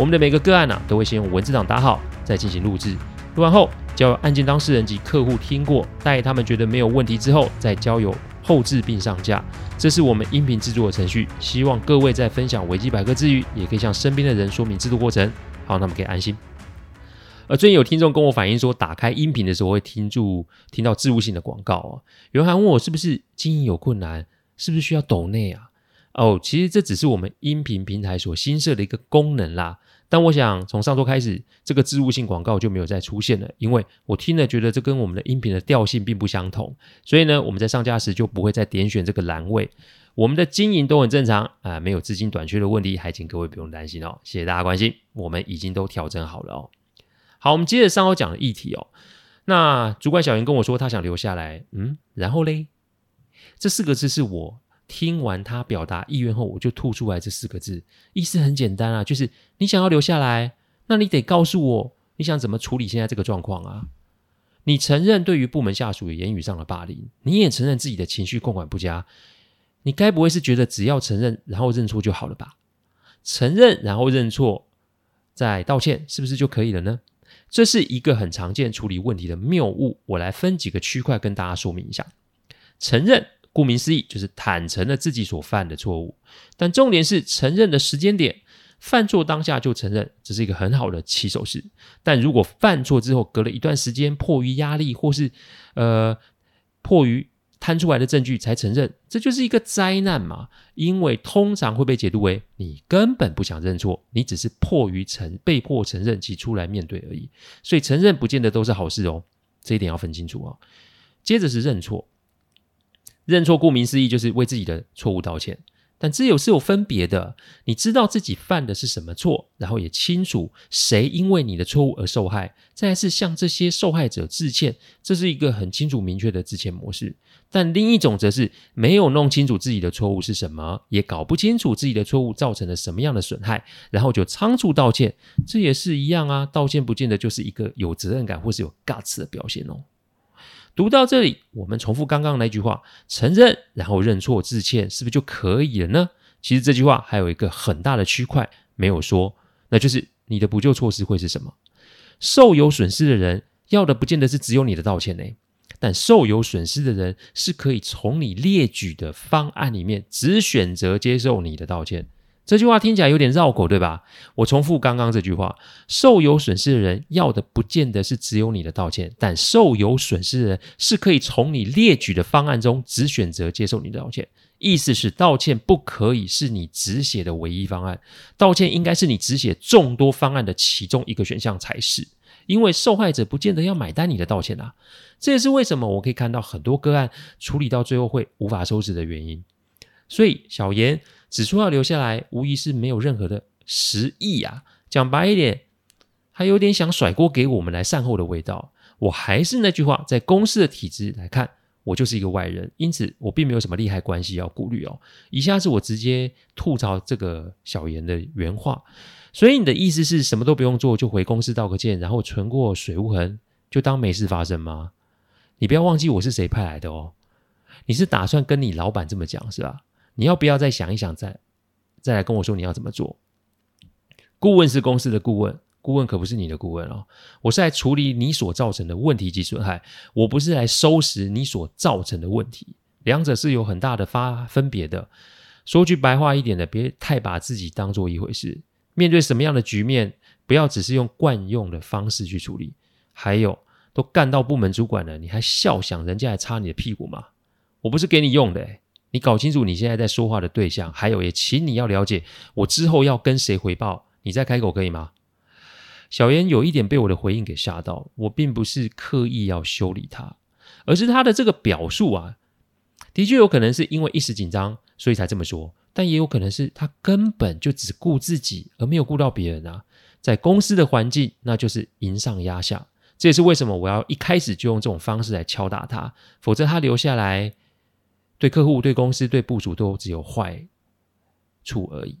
我們的每一個個案呢、啊，都會先用文字檔打好，再進行錄制。錄完後，交由案件當事人及客戶聽過，待他們覺得沒有問題之後，再交由後製並上架。這是我們音頻制作的程序。希望各位在分享危機百科之餘，也可以向身邊的人說明制作過程。好，讓他們可以安心。而最近有聽眾跟我反映說，打開音頻的時候會聽住聽到置入性的廣告啊、哦。有人還問我，是不是經營有困難，是不是需要抖內啊？哦，其實這只是我們音頻平台所新設的一個功能啦。但我想從上周開始，這個置入性廣告就沒有再出現了，因為我聽了覺得這跟我們的音頻的調性並不相同，所以呢，我們在上架時就不會再點選這個欄位。我們的經營都很正常啊、呃，沒有資金短缺的問題，還請各位不用擔心哦。謝謝大家關心，我們已經都調整好了哦。好，我們接着上周講的議題哦。那主管小云跟我說他想留下來，嗯，然後嘞，這四個字是我。聽完他表達意願後，我就吐出來這四個字，意思很簡單啊，就是你想要留下來，那你得告訴我你想怎麼處理現在這個狀況啊。你承認對於部門下屬也言語上的霸凌，你也承認自己的情緒控管不佳，你該不會是覺得只要承認然後認錯就好了吧？承認然後認錯再道歉，是不是就可以了呢？這是一個很常見處理問題的謬誤，我來分幾個區塊跟大家說明一下，承認。顧名思義，就是坦誠了自己所犯的錯誤，但重點是承認的時間點，犯錯當下就承認，這是一個很好的起手式。但如果犯錯之後隔了一段時間，迫於壓力或是呃迫於攤出來的證據才承認，這就是一個災難嘛？因為通常會被解讀為你根本不想認錯，你只是迫於承被迫承認其出來面對而已。所以承認不見得都是好事哦，這一點要分清楚哦、啊。接着是認錯。認錯顧名思義就是為自己的錯誤道歉，但這有是有分別的。你知道自己犯的是什麼錯，然後也清楚誰因為你的錯誤而受害，再來是向這些受害者致歉，這是一個很清楚明確的致歉模式。但另一種則是沒有弄清楚自己的錯誤是什麼，也搞不清楚自己的錯誤造成了什麼樣的損害，然後就倉促道歉，這也是一樣啊。道歉不見得就是一個有責任感或是有 guts 的表現哦。讀到這裡，我們重複剛剛那句話：承認，然後認錯、致歉，是不是就可以了呢？其實這句話還有一個很大的區塊沒有說，那就是你的補救措施會是什麼？受有損失的人要的不見得是只有你的道歉呢，但受有損失的人是可以從你列舉的方案裡面，只選擇接受你的道歉。這句話聽起來有點繞口，對吧？我重複剛剛這句話：受有損失的人要的，不見得是只有你的道歉，但受有損失的人是可以從你列舉的方案中只選擇接受你的道歉。意思是，道歉不可以是你止血的唯一方案，道歉應該是你止血眾多方案的其中一個選項才是。因為受害者不見得要買單你的道歉啊！這也是為什麼我可以看到很多個案處理到最後會無法收拾的原因。所以，小嚴。指出要留下來，無疑是沒有任何的實意啊！講白一點，還有點想甩鍋給我們來善後的味道。我還是那句話，在公司的體制來看，我就是一個外人，因此我並沒有什麼利害關係要顧慮哦。以下是我直接吐槽這個小言的原話：所以你的意思是什麼都不用做，就回公司道個歉，然後存過水無痕，就當沒事發生嗎？你不要忘記我是誰派來的哦！你是打算跟你老闆這麼講是吧？你要不要再想一想，再再來跟我說你要怎麼做？顧問是公司的顧問，顧問可不是你的顧問哦。我是來處理你所造成的問題及損害，我不是來收拾你所造成的問題。兩者是有很大的發分別的。說句白話一點的，別太把自己當做一回事。面對什麼樣的局面，不要只是用慣用的方式去處理。還有，都幹到部門主管了，你還笑想人家還擦你的屁股嗎？我不是給你用的，欸。你搞清楚你現在在說話的對象，還有也請你要了解我之後要跟誰回報，你再開口可以嗎？小嚴有一點被我的回應給嚇到，我並不是刻意要修理他，而是他的這個表述啊，的確有可能是因為一時緊張，所以才這麼說，但也有可能是他根本就只顧自己而沒有顧到別人啊。在公司的環境，那就是迎上壓下，這也是為什麼我要一開始就用這種方式來敲打他，否則他留下來，對客戶、對公司、對部屬都只有壞處而已。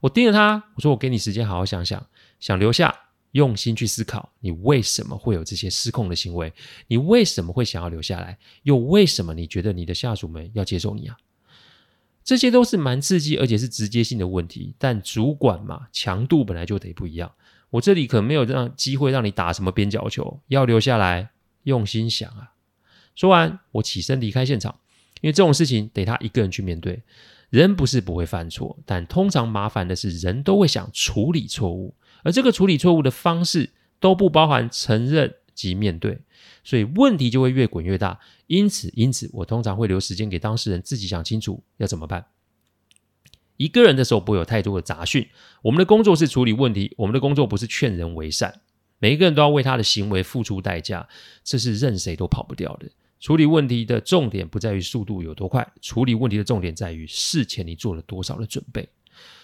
我盯着他，我說：“我給你時間，好好想想，想留下，用心去思考，你為什麼會有這些失控的行為？你為什麼會想要留下來？又為什麼你覺得你的下屬們要接受你啊？”這些都是蠻刺激，而且是直接性的問題。但主管嘛，強度本來就得不一樣。我這裡可沒有讓機會讓你打什麼邊角球，要留下來，用心想啊！說完，我起身離開現場。因為這種事情得他一個人去面對。人不是不會犯錯，但通常麻煩的是，人都會想處理錯誤，而這個處理錯誤的方式都不包含承認及面對，所以問題就會越滾越大。因此，因此我通常會留時間給當事人自己想清楚要怎麼辦。一個人的時候不會有太多的雜訊。我們的工作是處理問題，我們的工作不是勸人為善。每一個人都要為他的行為付出代價，這是任誰都跑不掉的。處理問題的重點不在於速度有多快，處理問題的重點在於事前你做了多少的準備。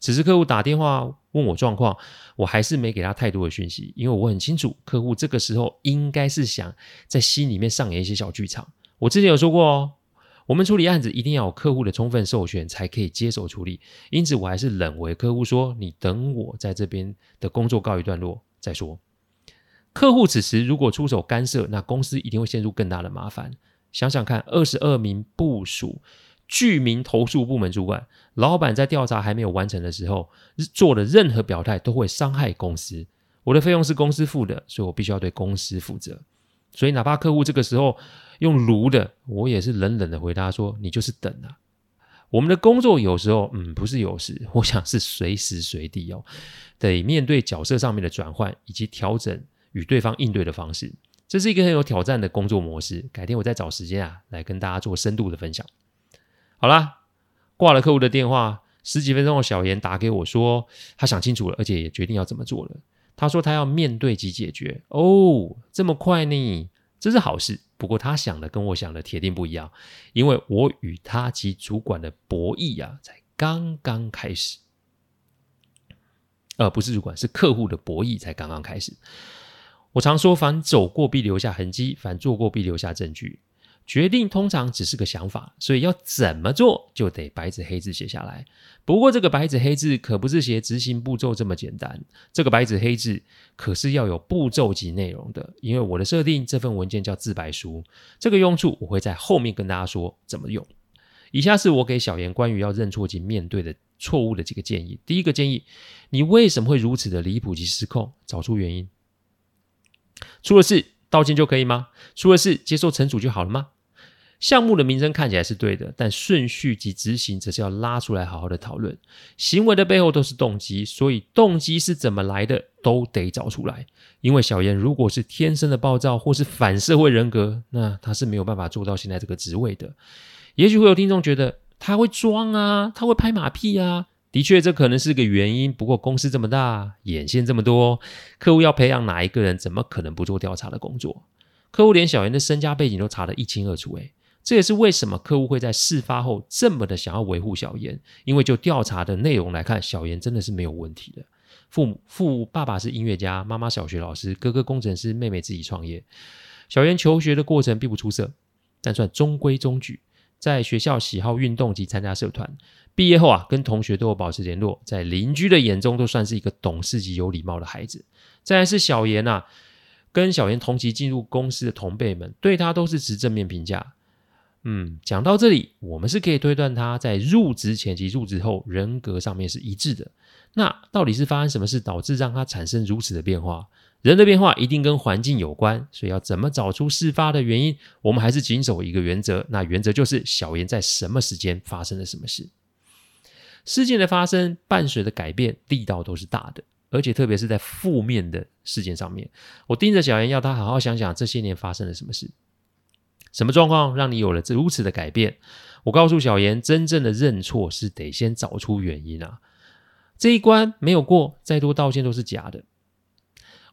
此時客戶打電話問我狀況，我還是沒給他太多的訊息，因為我很清楚客戶這個時候應該是想在心裡面上演一些小劇場。我之前有說過哦，我們處理案子一定要有客戶的充分授權才可以接手處理，因此我還是忍為客戶說：“你等我在這邊的工作告一段落再說。”客戶此時如果出手干涉，那公司一定會陷入更大的麻煩。想想看，二十二名部屬集體投訴部門主管，老板在調查還沒有完成的時候，做的任何表態都會傷害公司。我的費用是公司付的，所以我必須要對公司負責。所以，哪怕客戶這個時候用爐的，我也是冷冷的回答說：“你就是等啊。”我們的工作有時候，嗯，不是有時，我想是隨時隨地哦，得面對角色上面的轉換以及調整。與對方應對的方式，這是一個很有挑戰的工作模式。改天我再找時間啊，來跟大家做深度的分享。好啦，掛了客戶的電話，十幾分鐘後，小嚴打給我說，他想清楚了，而且也決定要怎麼做了。他說他要面對及解決。哦，這麼快呢？這是好事。不過他想的跟我想的鐵定不一樣，因為我與他及主管的博弈啊，才剛剛開始。呃，不是主管，是客戶的博弈才剛剛開始。我常說，凡走過必留下痕跡，凡做過必留下證據。決定通常只是個想法，所以要怎麼做就得白紙黑字寫下來。不過，這個白紙黑字可不是寫執行步驟這麼簡單，這個白紙黑字可是要有步驟及內容的。因為我的設定，這份文件叫自白書，這個用處我會在後面跟大家說怎麼用。以下是我給小嚴關於要認錯及面對的錯誤的幾個建議。第一個建議，你為什麼會如此的離譜及失控？找出原因。出了事道歉就可以嗎？出了事接受懲處就好了嗎？項目的名聲看起來是對的，但順序及執行則是要拉出來好好的討論。行為的背後都是動機，所以動機是怎麼來的都得找出來。因為小燕如果是天生的暴躁或是反社會人格，那她是沒有辦法做到現在這個職位的。也許會有聽眾覺得她會裝啊，她會拍馬屁啊。的確，這可能是個原因。不過，公司這麼大，眼線這麼多，客戶要培養哪一個人，怎麼可能不做調查的工作？客戶連小嚴的身家背景都查得一清二楚。誒，這也是為什麼客戶會在事發後這麼的想要維護小嚴，因為就調查的內容來看，小嚴真的是沒有問題的。父母，父母爸爸是音樂家，媽媽小學老師，哥哥工程師，妹妹自己創業。小嚴求學的過程並不出色，但算中規中矩。在學校喜好運動及參加社團。畢業後啊，跟同學都有保持聯絡，在鄰居的眼中都算是一個懂事及有禮貌的孩子。再來是小妍吶、啊，跟小妍同期進入公司的同輩們對她都是持正面評價。嗯，講到這裡，我們是可以推斷她在入職前及入職後人格上面是一致的。那到底是發生什麼事導致讓她產生如此的變化？人的變化一定跟環境有關，所以要怎麼找出事發的原因？我們還是謹守一個原則，那原則就是小妍在什麼時間發生了什麼事。事件的發生伴隨的改變力道都是大的，而且特別是在負面的事件上面。我盯着小妍，要他好好想想這些年發生了什麼事，什麼狀況讓你有了這如此的改變？我告訴小妍，真正的認錯是得先找出原因啊。這一關沒有過，再多道歉都是假的。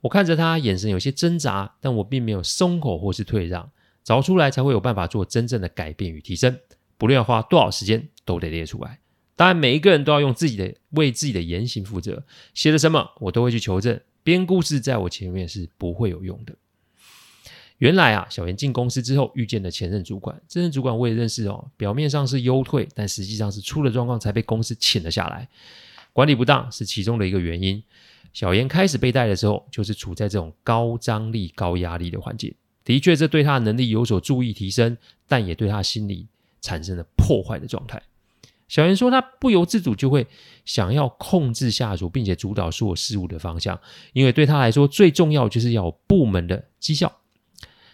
我看着他，眼神有些掙扎，但我並沒有鬆口或是退讓。找出來才會有辦法做真正的改變與提升，不論要花多少時間，都得列出來。當然，每一個人都要用自己的，為自己的言行負責。寫了什麼，我都會去求證。編故事在我前面是不會有用的。原來啊，小嚴進公司之後遇見了前任主管，前任主管我也認識哦。表面上是優退，但實際上是出了狀況才被公司請了下來。管理不當是其中的一個原因。小嚴開始被帶的時候，就是處在這種高張力、高壓力的環境。的確，這對他的能力有所注意提升，但也對他心理產生了破壞的狀態。小嚴說，他不由自主就會想要控制下屬，並且主導所有事務的方向，因為對他來說，最重要就是要有部門的績效。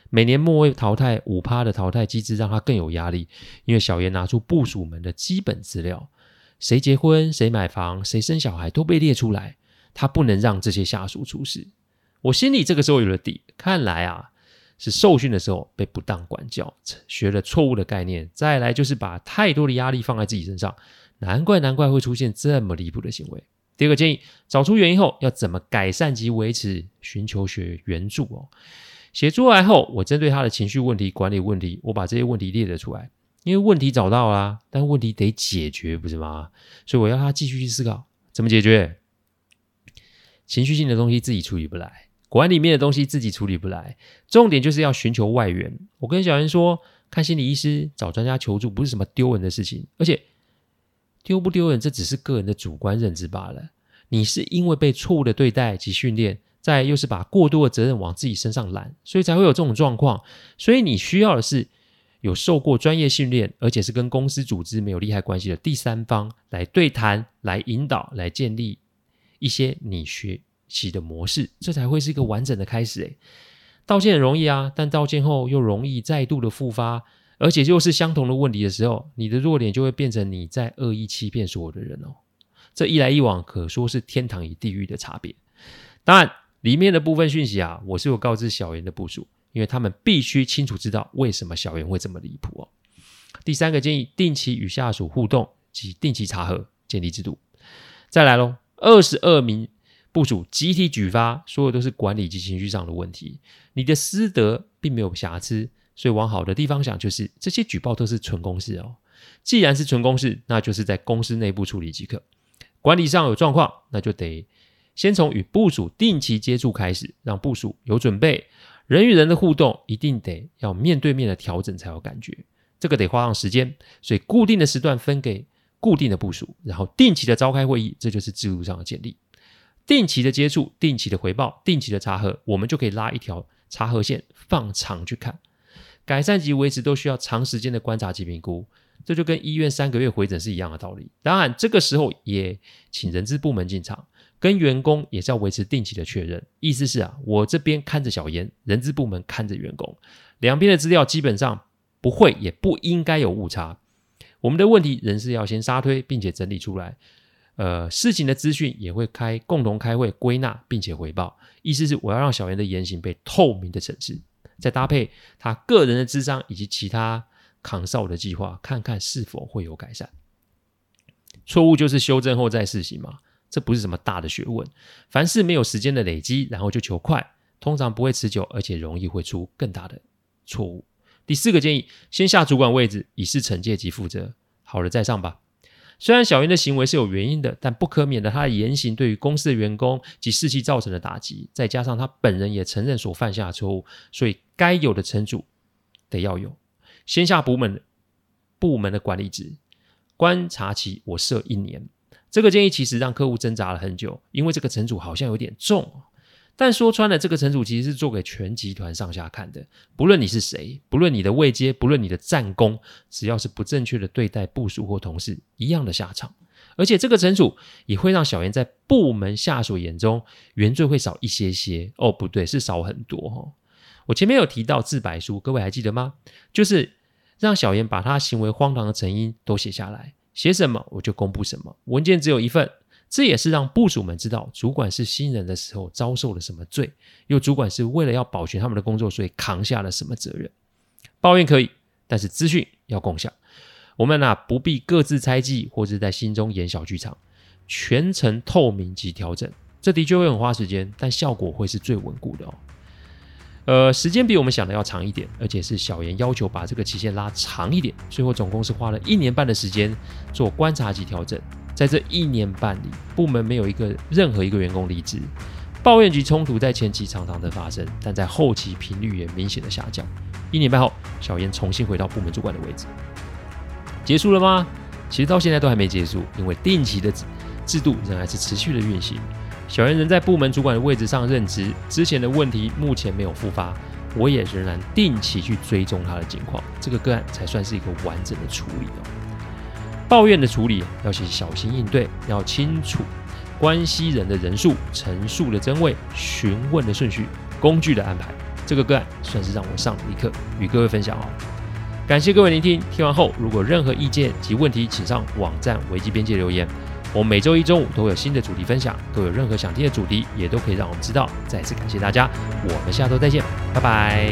每年末位淘汰五趴的淘汰機制，讓他更有壓力。因為小嚴拿出部署們的基本資料，誰結婚、誰買房、誰生小孩都被列出來，他不能讓這些下屬出事。我心裡這個時候有了底，看來啊。是受訓的時候被不當管教，學了錯誤的概念。再來就是把太多的壓力放在自己身上，難怪難怪會出現這麼離譜的行為。第二個建議，找出原因後要怎麼改善及維持，尋求學援助哦。寫出來後，我針對他的情緒問題、管理問題，我把這些問題列了出來，因為問題找到啦，但問題得解決，不是嗎？所以我要他繼續去思考怎麼解決情緒性的東西，自己處理不來。管理面的東西自己處理不來，重點就是要尋求外援。我跟小袁說，看心理醫師、找專家求助，不是什麼丟人的事情。而且丟不丟人，這只是個人的主觀認知罷了。你是因為被錯誤的對待及訓練，再又是把過多的責任往自己身上攬，所以才會有這種狀況。所以你需要的是有受過專業訓練，而且是跟公司組織沒有利害關係的第三方來對談、來引導、來建立一些你學。起的模式，這才會是一個完整的開始。誒，道歉很容易啊，但道歉後又容易再度的復發，而且又是相同的問題的時候，你的弱點就會變成你在惡意欺騙所有的人哦。這一來一往，可說是天堂與地獄的差別。當然，裡面的部分訊息啊，我是有告知小袁的部屬，因為他們必須清楚知道為什麼小袁會這麼離譜哦。第三個建議：定期與下屬互動及定期查核建立制度。再來嘍，二十二名部屬集體舉發，所有都是管理及情緒上的問題。你的私德並沒有瑕疵，所以往好的地方想，就是這些舉報都是純公事哦。既然是純公事，那就是在公司內部處理即可。管理上有狀況，那就得先從與部屬定期接觸開始，讓部屬有準備。人與人的互動一定得要面對面的調整才有感覺，這個得花上時間。所以固定的時段分給固定的部屬，然後定期的召開會議，這就是制度上的建立。定期的接觸，定期的回報，定期的查核，我們就可以拉一條查核線放長去看。改善及維持都需要長時間的觀察及評估，這就跟醫院三個月回診是一樣的道理。當然，這個時候也請人資部門進場，跟員工也是要維持定期的確認。意思是啊，我這邊看着小嚴，人資部門看着員工，兩邊的資料基本上不會也不應該有誤差。我們的問題人是要先沙推，並且整理出來。呃，事情的資訊也會開共同開會歸納，並且回報。意思是我要讓小袁的言行被透明的審視，再搭配他個人的諮商以及其他扛少的計劃，看看是否會有改善。錯誤就是修正後再試行嘛，這不是什麼大的學問。凡事沒有時間的累積，然後就求快，通常不會持久，而且容易會出更大的錯誤。第四個建議，先下主管位置，以示懲戒及負責。好了，再上吧。雖然小云的行為是有原因的，但不可免的，她的言行對於公司的員工及士氣造成的打擊，再加上她本人也承認所犯下的錯誤，所以該有的懲處得要有，先下部門部門的管理職，觀察期，我設一年。這個建議其實讓客戶掙扎了很久，因為這個懲處好像有點重。但說穿了，這個懲處其實是做給全集團上下看的。不論你是誰，不論你的位階，不論你的戰功，只要是不正確的對待部屬或同事，一樣的下場。而且這個懲處也會讓小嚴在部門下屬眼中原罪會少一些些。哦，不對，是少很多哦。我前面有提到自白書，各位還記得嗎？就是讓小嚴把他行為荒唐的成因都寫下來，寫什麼我就公布什麼。文件只有一份。這也是讓部屬們知道，主管是新人的時候遭受了什麼罪，又主管是為了要保全他們的工作，所以扛下了什麼責任。抱怨可以，但是資訊要共享。我們、啊、不必各自猜忌，或是在心中演小劇場。全程透明及調整，這的確會很花時間，但效果會是最穩固的哦。呃，時間比我們想的要長一點，而且是小嚴要求把這個期限拉長一點，所以我總共是花了一年半的時間做觀察及調整。在這一年半裡，部門沒有一個任何一個員工離職，抱怨及衝突在前期常常的發生，但在後期頻率也明顯的下降。一年半後，小妍重新回到部門主管的位置，結束了嗎？其實到現在都還沒結束，因為定期的制度仍然是持續的運行，小妍仍在部門主管的位置上任職，之前的問題目前沒有復發，我也仍然定期去追蹤他的情況，這個個案才算是一個完整的處理哦。抱怨的處理要小心應對，要清楚關係人的人數、陳述的真偽、詢問的順序、工具的安排。這個個案算是讓我上了一課，與各位分享哦。感謝各位聆聽，聽完後如果任何意見及問題，請上網站危機邊界留言。我們每周一、周五都有新的主題分享，都有任何想聽的主題，也都可以讓我們知道。再次感謝大家，我們下周再見，拜拜。